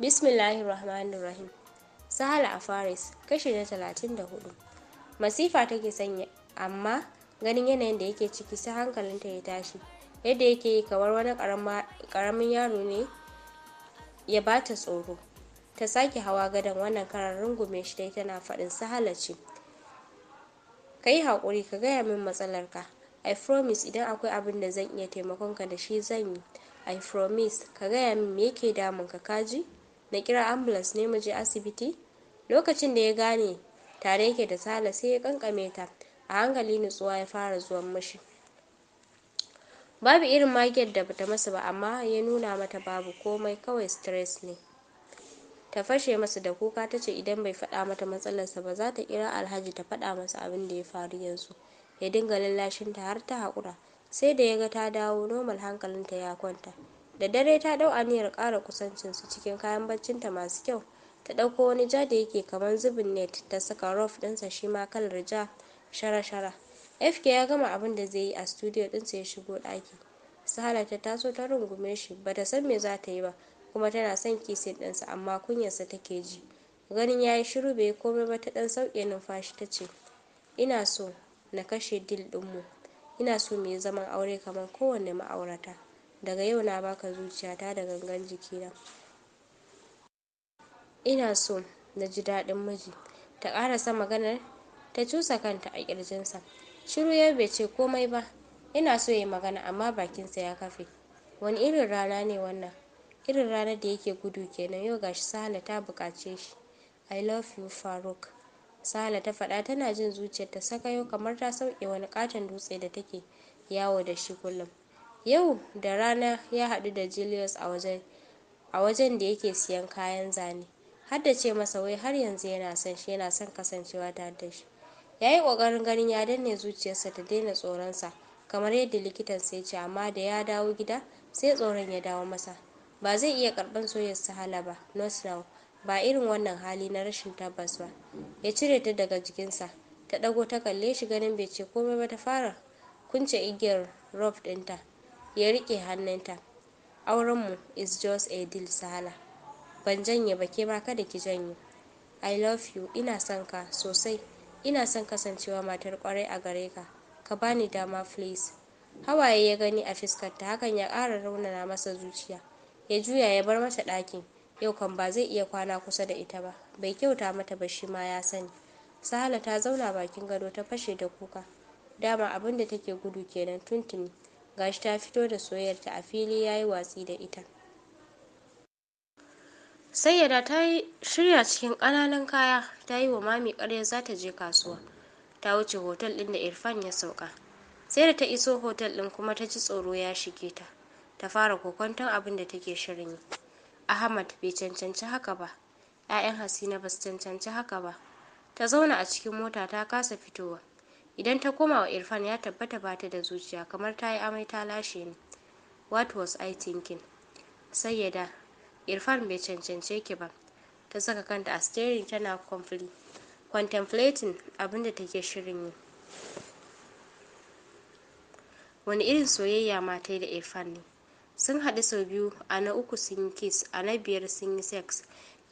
bismillahirrahmanirrahim Rahmanir Rahim. Sahala a Faris, kashi na 34. Masifa take sanya, amma ganin yanayin da yake ciki sai hankalinta ya tashi. Yadda yake yi kamar wani karamin yaro ne ya ba ta tsoro. Ta sake hawa gadon wannan karar rungume shi dai tana faɗin Sahala ce. Ka yi haƙuri ka gaya min matsalarka. I promise idan akwai abin da zan iya taimakonka da shi zan yi. I promise ka gaya min me yake ka kaji? na kira ambulance ne mu je asibiti lokacin da ya gane tare yake da sala sai ya kankame ta a hankali nutsuwa ya fara zuwan mashi babu irin magiyar da bata masa ba amma ya nuna mata babu komai kawai stress ne ta fashe masa da kuka ta ce idan bai faɗa mata matsalarsa ba za ta kira alhaji ta faɗa masa abin da ya faru yanzu ya dinga lallashinta har ta haƙura sai da ya ga ta dawo normal hankalinta ya kwanta da dare ta dau aniyar ƙara kusancinsu cikin kayan baccinta masu kyau ta dauko wani ja da yake kamar zubin net ta saka ruff ɗinsa shi ma kalar ja shara-shara fk ya gama abin da zai yi a studio dinsa ya shigo daki sahara ta taso ta rungume shi ba ta san me za ta yi ba kuma tana son kisin ɗinsa amma kunyarsa take ji ganin ya yi shiru bai komai ba ta ɗan sauke numfashi ta ce ina so na kashe dil mu ina so mu yi zaman aure kamar kowanne ma'aurata daga yau na baka zuciyata da gangan jikina ina so na ji daɗin miji ta ƙarasa maganar ta cusa kanta a ƙirjinsa shiru ya bai ce komai ba ina so ya magana amma bakinsa ya kafe wani irin rana ne wannan irin ranar da yake gudu kenan yau gashi sahala ta buƙace shi i love you faruk sahala ta faɗa tana jin zuciyar zuciyarta sakayo kamar ta sauke wani katon dutse da take yawo da shi kullum yau da rana ya haɗu da julius a wajen a wajen da yake siyan kayan zane har da ce masa wai har yanzu yana son shi yana son kasancewa tare da shi ya yi ƙoƙarin ganin ya danne zuciyarsa ta daina tsoronsa kamar yadda likitan sai ce amma da ya dawo gida sai tsoron ya dawo masa ba zai iya karɓar soyayyar sahala ba not now ba irin wannan hali na rashin tabbas ba ya cire ta daga jikinsa ta ɗago ta kalle shi ganin bai ce komai ba ta fara kunce igiyar rof ɗinta ya riƙe hannunta aurenmu is just a deal sahala ban janye ba ke ma kada ki janye i love you ina son ka sosai ina son kasancewa matar kwarai a gare ka ka bani dama please hawaye ya gani a fuskarta hakan ya ƙara raunana masa zuciya ya juya ya bar mata ɗakin yau kan ba zai iya kwana kusa da ita ba bai kyauta mata ba shi ma ya sani sahala ta zauna bakin gado ta fashe da kuka dama abin da take gudu kenan tuntuni gashi ta fito da soyayyarta a fili ya yi watsi da ita sayyada ta yi shirya cikin ƙananan kaya ta yi wa mami ƙarya za ta je kasuwa ta wuce hotel ɗin da irfan ya sauka sai da ta iso hotel ɗin kuma ta ji tsoro ya shige ta ta fara kokwanton abin da take shirin yi ahmad bai cancanci haka ba 'ya'yan hasina basu cancanci haka ba ta zauna a cikin mota ta kasa fitowa idan ta koma wa irfan ya tabbata ba ta da zuciya kamar ta yi amai ta lashe ni what was i thinking sayyada irfan bai cancance ki ba ta saka kanta a steering tana contemplating abinda take shirin yi wani irin soyayya mata da irfan ne sun haɗu sau biyu a na uku sun yi kiss a na biyar sun yi sex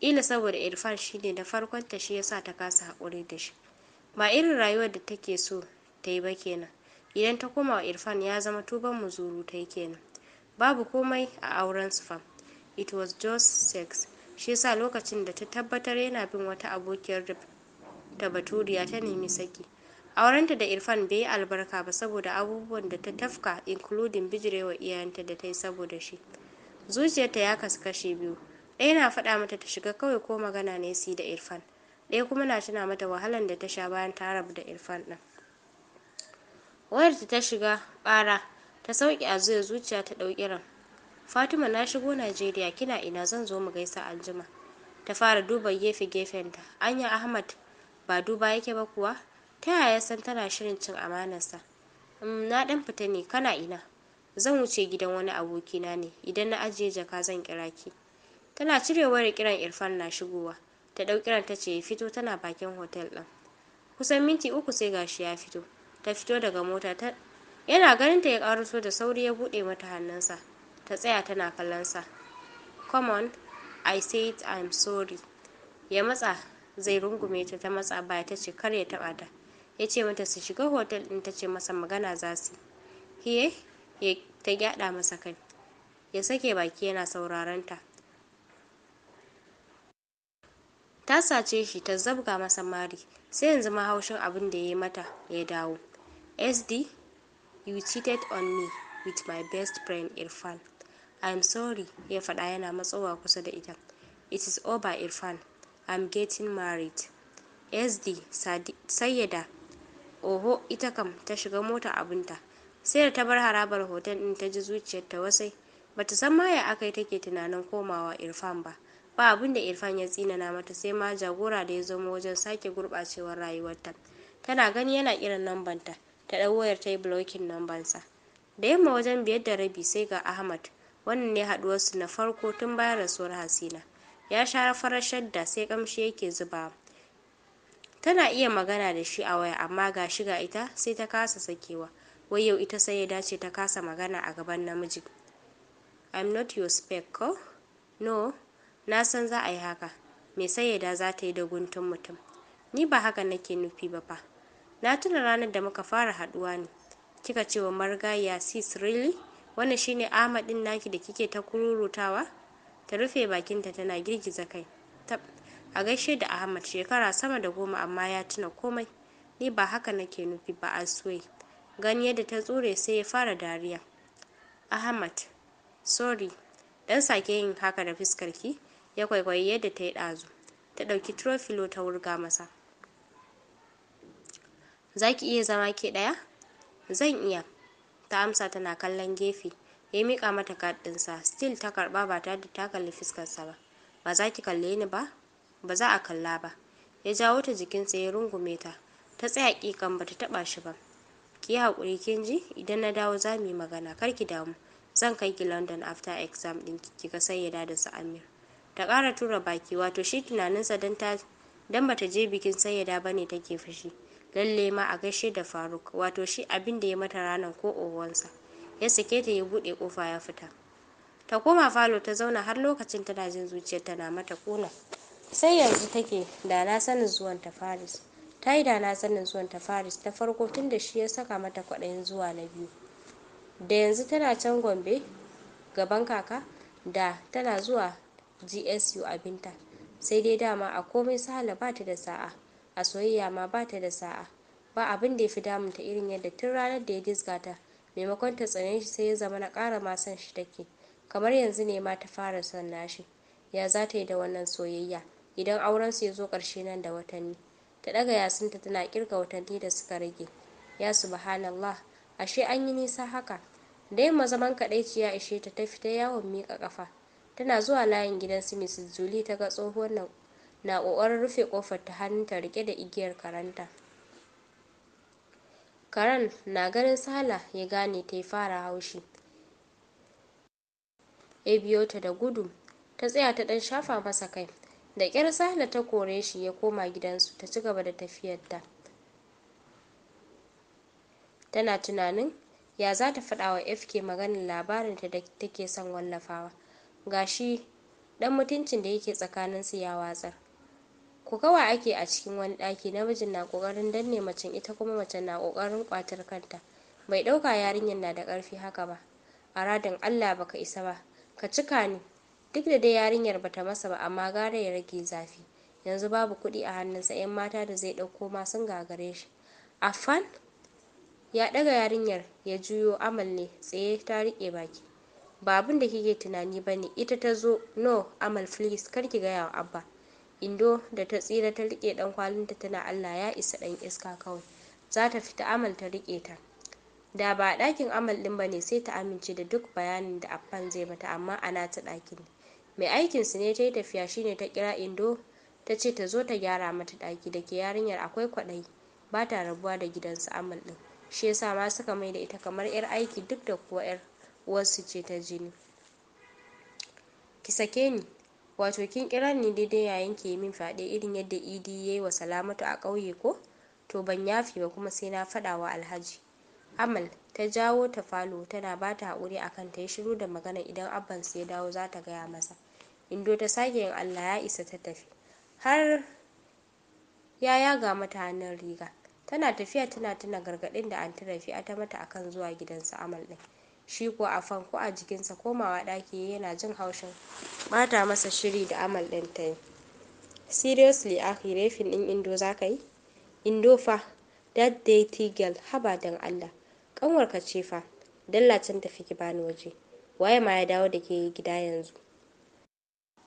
ila saboda irfan shine na farkon ta shi yasa ta kasa haƙuri da shi ba irin rayuwar da take so ta yi ba kenan idan ta koma wa irfan ya zama tuban muzuru ta yi kenan babu komai a auren su fa it was just sex shi yasa lokacin da ta tabbatar yana bin wata abokiyar da ta baturiya ta nemi saki aurenta da irfan bai yi albarka ba saboda abubuwan da ta tafka including bijirewa iyayenta da ta yi saboda shi zuciyarta ya kasu kashe biyu ɗaya na faɗa mata ta shiga kawai ko magana ne su da irfan ɗaya kuma na tuna mata wahalan da ta sha bayan ta rabu da irfan ɗin wayarta ta shiga ƙara ta sauƙi a zuya zuciya ta ɗau kiran fatima na shigo najeriya kina ina zan zo mu gaisa aljima ta fara duba gefe gefen ta. anya ahmad ba duba yake ba kuwa ta yaya san tana shirin cin amanarsa mm, na ɗan fita ne kana ina zan wuce gidan wani abokina ne idan na ajiye jaka zan kira ki tana cire wayar kiran irfan na shigowa ta ɗau kiran ta ce fito tana bakin hotel ɗin kusan minti uku sai gashi ya fito ta fito daga mota ta yana ganin ta ya ƙaruso da sauri ya buɗe mata hannunsa ta tsaya tana sa come on i said i'm sorry ya matsa zai rungume ta ta matsa baya ta ce kar ya taɓa ta ya ce mata su shiga hotel ɗin ta ce masa magana za su hiye ta gyaɗa masa kai ya sake baki yana sauraron ta sace shi ta zabga masa mari sai yanzu mahaushin haushin abin da ya yi mata ya dawo sd you cheated on me with my best friend irfan i'm sorry ya faɗa yana matsowa kusa da ita it is over irfan i'm getting married sd sayyada oho ita kam ta shiga mota abinta sai da ta bar harabar hoton din ta ji zuciyar ta wasai bata san ma ya aka yi take tunanin komawa irfan ba ba abin da irfan ya tsinana mata sai ma jagora da ya zama wajen sake gurɓacewar rayuwarta tana gani yana kiran lambanta ta ɗau wayar ta yi blocking lambansa da yamma wajen biyar da rabi sai ga ahmad wannan ne haɗuwarsu na farko tun bayan rasuwar hasina ya share farashar da sai kamshi yake zuba tana iya magana da shi a waya amma ga shi ga ita sai ta kasa sakewa wai yau ita sai ya dace ta kasa magana a gaban namiji i'm not your spec ko no na san za a yi haka me sayyada za ta yi da guntun mutum ni ba haka nake nufi ba fa na tuna ranar da muka fara haduwa ne kika ce wa marigaya sis really wannan shine ahmad din naki da kike ta kururutawa ta rufe bakinta tana girgiza kai a gaishe da ahmad shekara sama da goma amma ya tuna komai ni ba haka nake nufi ba aswai gani yadda ta tsure sai ya fara dariya ahmad sorry dan sake yin haka da ki ya kwaikwayi yadda ta yi ɗazu ta ɗauki trofilo ta wurga masa za ki iya zama ke ɗaya zan iya ta amsa tana kallon gefe ya miƙa mata kaɗinsa still ta karɓa ba ta da ta fuskarsa ba ba za ki kalle ni ba ba za a kalla ba ya jawo ta jikinsa ya rungume ta ta tsaya ƙiƙan ba ta taɓa shi ba ki yi haƙuri kin ji idan na dawo za mu yi magana kar ki damu zan kai ki london after exam ɗin ki ga sayyada da su amir ta ƙara tura baki wato shi tunaninsa dan ta don bata je bikin sayyada ba ne take fushi lalle ma a gaishe da faruk wato shi abin da ya mata ranar ko owansa ya sake ta ya buɗe kofa ya fita ta koma falo ta zauna har lokacin tana jin zuciyar tana mata kuna sai yanzu take da na sanin zuwan ta faris ta yi da na sanin zuwan ta faris ta farko tun da shi ya saka mata kwaɗayin zuwa na biyu da yanzu tana can gombe gaban kaka da tana zuwa gsu abinta sai dai dama a komai sahala ba ta da sa'a a soyayya ma ba ta da sa'a ba abin da ya fi damunta irin yadda tun ranar da ya dizga maimakon ta tsane shi sai ya zama na ƙara ma son shi take kamar yanzu ne ma ta fara son nashi ya za ta yi da wannan soyayya idan aurensu ya zo ƙarshe nan da watanni ta ɗaga yasinta tana kirga watanni da suka rage ya subhanallah ashe an yi nisa haka da yamma zaman kaɗaici ya ishe ta ta fita yawon miƙa ƙafa tana zuwa layin gidan su mrs julie ta ga tsohuwar na ƙoƙarin rufe ƙofar ta hannunta riƙe da igiyar karanta. karen na ganin sala ya gane ta yi fara haushi ya biyo ta da gudu ta tsaya ta ɗan shafa masa kai da ƙyar sala ta kore shi ya koma gidansu ta ci gaba da tafiyarta tana tunanin ya za ta faɗa wa fk maganin labarin ta da take son wallafawa gashi dan mutuncin da yake tsakanin tsakaninsu ya watsar kokawa ake a cikin wani ɗaki namijin na ƙoƙarin danne macen ita kuma macen na ƙoƙarin ƙwatar kanta bai ɗauka yarinyar na da ƙarfi haka ba a radin allah baka isa ba ka cika ni duk da dai yarinyar bata masa ba amma gara ya rage zafi yanzu babu kuɗi a hannunsa 'yan mata da zai ɗauko ma sun gagare shi afan ya ɗaga yarinyar ya juyo amal ne tsaye ta riƙe baki ba abin da kike tunani ba ne ita ta zo no amal filis kar ki gaya wa abba indo da ta tsira ta riƙe ɗan kwalinta tana allah ya isa ɗan iska kawai za ta fita amal ta riƙe ta da ba a ɗakin amal ɗin ba ne sai ta amince da duk bayanin da abban zai mata amma a nata ɗakin mai aikin su ne ta yi tafiya shine ta kira indo ta ce ta zo ta gyara mata ɗaki da ke yarinyar akwai kwaɗayi ba ta rabuwa da gidansu amal ɗin shi yasa ma suka mai da ita kamar 'yar aiki duk da kuwa 'yar uwarsu ce ta jini ki sake ni wato kin kira ni daidai yayin ke min fyaɗe irin yadda idi ya yi wa salamatu a ƙauye ko to ban yafi ba kuma sai na faɗa wa alhaji amal ta jawo ta falo tana ba ta haƙuri a kan ta yi shiru da magana idan abbansu ya dawo za ta gaya masa indo ta sake yin allah ya isa ta tafi har ya yaga mata hannun riga tana tafiya tana tuna gargaɗin da anti rafi ta mata akan zuwa gidansu amal ɗin shi ko afan ko a jikinsa komawa ɗaki yana jin haushin bata masa shiri da amal ɗin ta yi seriously akhi refin ɗin indo za ka yi indo fa that dirty girl haba dan allah ka ce fa dalla can tafi ki bani waje waye ma ya dawo da ke gida yanzu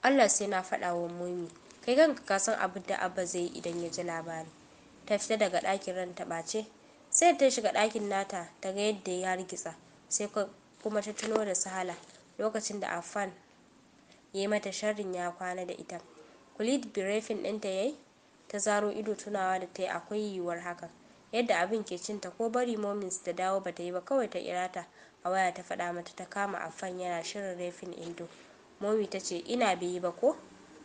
allah sai na faɗa wa kai kanka ka san abin da abba zai yi idan ya ji labari ta fita daga ɗakin ranta ta ɓace sai ta shiga ɗakin nata ta ga yadda ya hargitsa. sai kuma ta tuno da Sahala lokacin da afan ya mata sharrin ya kwana da ita. kulit birefin ɗinta yayi ta zaro ido tunawa da ta yi akwai yiwuwar hakan. Yadda abin ke cin ta ko bari momins ta dawo bata yi ba kawai ta kira a waya ta faɗa mata ta kama afan yana shirin refin Indo. Momi ta ce ina bai yi ba ko?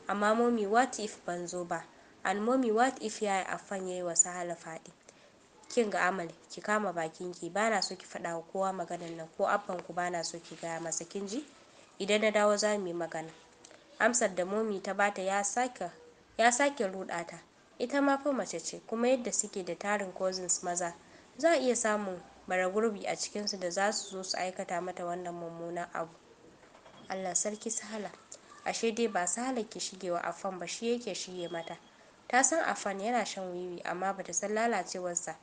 Amma Momi what if ban zo ba? And Momi what if yaya afan ya yi wa Sahala fadi. kin ga amal ki kama bakin ki bana so ki fada kowa maganan nan ko abban ku bana so ki gaya masa kin ji idan na dawo za mu yi magana amsar da momi ta bata ya sake ya sake ita ma fa mace ce kuma yadda suke da tarin cousins maza za a iya samun mara gurbi a cikinsu da za su zo su aikata mata wannan mummunan abu allah sarki sahala ashe dai ba sahala ke wa afan ba shi yake shige mata ta san afan yana shan wiwi amma bata san lalacewarsa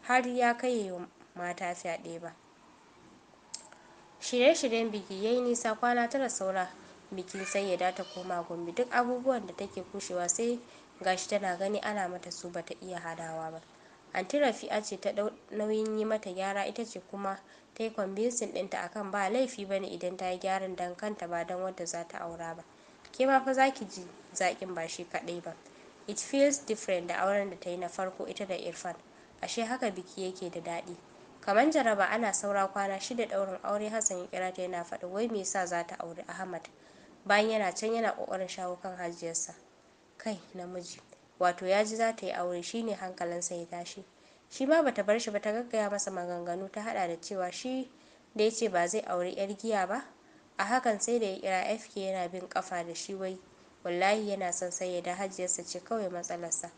har ya kai wa mata fyaɗe ba shirye-shiryen biki ya yi nisa kwana tara saura bikin sayyada ta koma gombe duk abubuwan da take kushewa sai gashi tana gani ana mata su bata iya hadawa ba anti a ce ta ɗau nauyin yi mata gyara ita ce kuma ta yi kwambinsin ɗinta akan ba laifi bane idan ta yi gyaran dan kanta ba don wadda za ta aura ba ke ma fa zaki ji zaƙin ba shi kaɗai ba it feels different da auren da ta yi na farko ita da irfan ashe haka biki yake da daɗi kamar jaraba ana saura kwana shida ɗaurin aure hassan ya kira ta yana faɗi wai me yasa za ta auri ahmad bayan yana can yana ƙoƙarin shawo kan hajiyarsa kai namiji wato ya ji za ta yi aure shine hankalinsa ya tashi shi ma bata bar shi ba ta gaggaya masa maganganu ta hada da cewa shi da ya ce ba zai auri yar giya ba a hakan sai da ya kira fk yana bin kafa da shi wai wallahi yana son sai da hajiyarsa ce kawai matsalarsa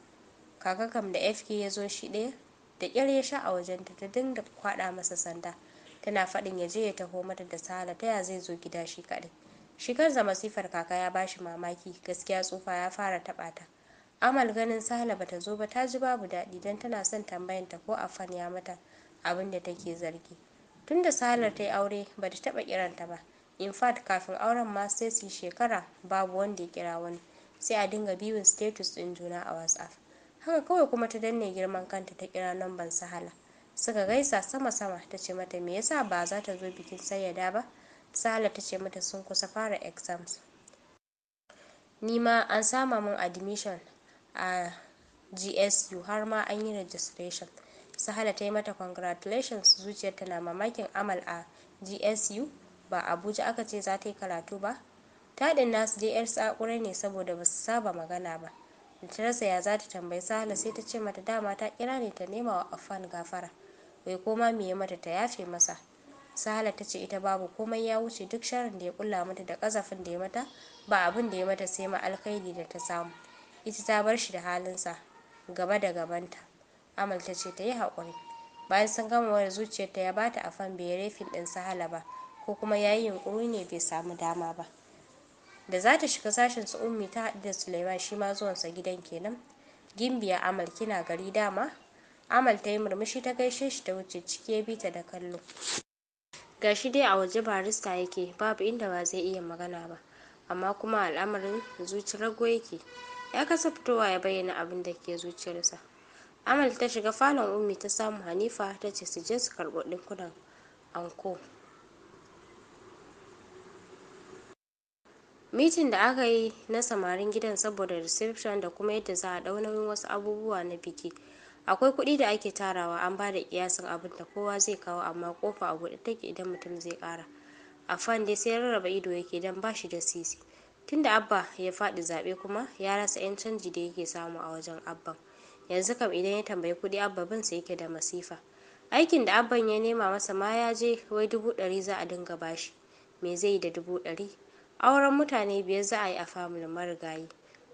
kaka kam da fk ya zo shi ɗaya da kyar ya sha a wajenta ta dinga kwaɗa masa sanda tana faɗin ya je ya taho mata da sala taya zai zo gida shi kaɗai shi kansa masifar kaka ya bashi mamaki gaskiya tsufa ya fara taɓa ta amal ganin sala bata zo ba ta ji babu daɗi dan tana son tambayan ta ko afan ya mata abin da take zargi tunda sala ta yi aure bata taɓa kiranta ba in fact kafin auren ma sai su yi shekara babu wanda ya kira wani sai a dinga biyun status ɗin juna a whatsapp haka kawai kuma ta danne girman kanta ta kira namban sahala suka gaisa sama-sama ta ce mata me yasa ba za ta zo bikin sayyada ba sahala ta ce mata sun kusa fara exams ni ma an sama mun admission a gsu har ma an yi registration sahala ta yi mata congratulations zuciyar na mamakin amal a gsu ba abuja aka ce za ta yi karatu ba taɗin nasu dai 'yar tsakura ne saboda ba su saba magana ba ta ya zata tambayi sahla sai ta ce mata dama ta kira ne ta nema wa affan gafara bai koma me ya mata ta yafe masa sahla ta ce ita babu komai ya wuce duk sharin da ya kulla mata da kazafin da ya mata ba abin da ya mata sai ma alkhairi da ta samu ita ta bar shi da halin sa gaba da gabanta amal ta ce ta yi haƙuri bayan sun gama wani zuciyarta ya bata afan bai rafin ɗin sahala ba ko kuma yayin yunkuri ne bai samu dama ba da za ta shiga sashen su ummi ta haɗu da suleiman shi ma zuwan sa gidan kenan gimbiya amal kina gari dama amal ta yi murmushi ta gaishe shi ta wuce ciki ya bi ta da kallo gashi dai a waje barista yake babu inda ba zai iya magana ba amma kuma al'amarin zuci rago yake ya kasa fitowa ya bayyana abin da ke zuciyarsa amal ta shiga falon ummi ta samu hanifa ta ce su je su karɓi ɗinkunan anko mitin da aka yi na samarin gidan saboda reception da kuma yadda za a ɗau nauyin wasu abubuwa na biki akwai kuɗi da ake tarawa an ba da kiyasin abin da kowa zai kawo amma kofa a buɗe take idan mutum zai ƙara a fan dai sai rarraba ido yake dan ba shi da sisi tun da abba ya faɗi zaɓe kuma ya rasa 'yan canji da yake samu a wajen abban yanzu kam idan ya tambayi kuɗi abba bin sa yake da masifa aikin da abban ya nema masa ma ya je wai dubu ɗari za a dinga bashi me zai yi da dubu ɗari auren mutane biyar za a yi a familin marigayi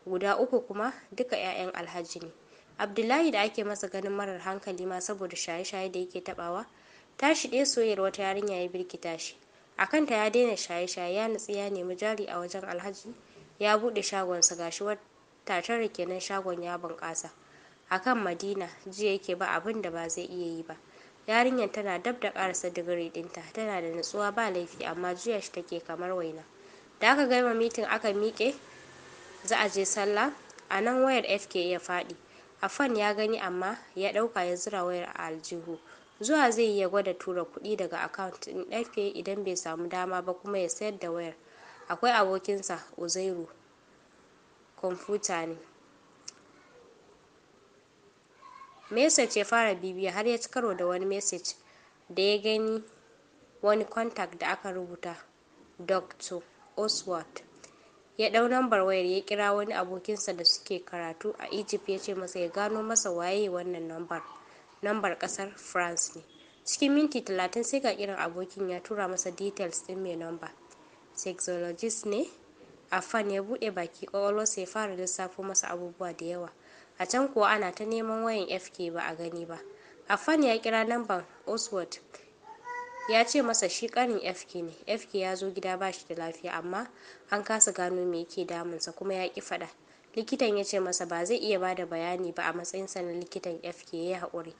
guda uku kuma duka 'ya'yan alhaji ne abdullahi da ake masa ganin marar hankali ma saboda shaye-shaye da yake taɓawa ta shiɗe soyayyar wata yarinya ya birkita shi a kanta ya daina shaye-shaye ya nutsi ya nemi jari a wajen alhaji ya buɗe shagonsa gashi wata tara kenan shagon ya bunƙasa a kan madina jiya yake ba abin da ba zai iya yi ba yarinyar tana dab da ƙarasa digiri dinta tana da nutsuwa ba laifi amma jiya shi take kamar waina da aka gama mitin aka miƙe za a je sallah a nan wayar fk ya faɗi afan ya gani amma ya ɗauka ya zura wayar a aljihu zuwa zai iya gwada tura kuɗi daga akaunt ɗin fk idan bai samu dama ba kuma ya sayar da wayar akwai abokinsa uzairu kwamfuta ne message ya fara bibiya har ya ci karo da wani message da ya gani wani contact da aka rubuta doctor Oswald ya ɗau lambar wayar ya kira wani abokinsa da suke karatu a Egypt ya ce masa ya gano masa waye wannan lambar. Lambar ƙasar France ne. Cikin minti talatin sai ga kiran abokin ya tura masa details din mai lamba. Sexologist ne? Afan ya buɗe baki ƙwaƙwalwarsa ya fara lissafo masa abubuwa da yawa. A can kuwa ana ta neman wayan FK ba a gani ba. Afan ya kira lambar Oswald ya ce masa shi ƙanin fk ne fk ya zo gida ba shi da lafiya amma an kasa gano me yake damunsa kuma ya ki faɗa likitan ya ce masa ba zai iya ba da bayani ba a matsayinsa na likitan fk ya yi haƙuri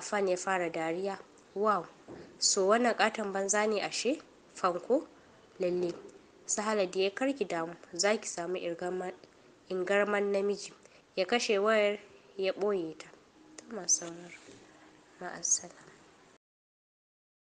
fan ya fara dariya wow so wannan katon banza ne ashe fanko lalle sahala da ya karki damu za ki samu ingarman namiji ya kashe wayar ya ɓoye ta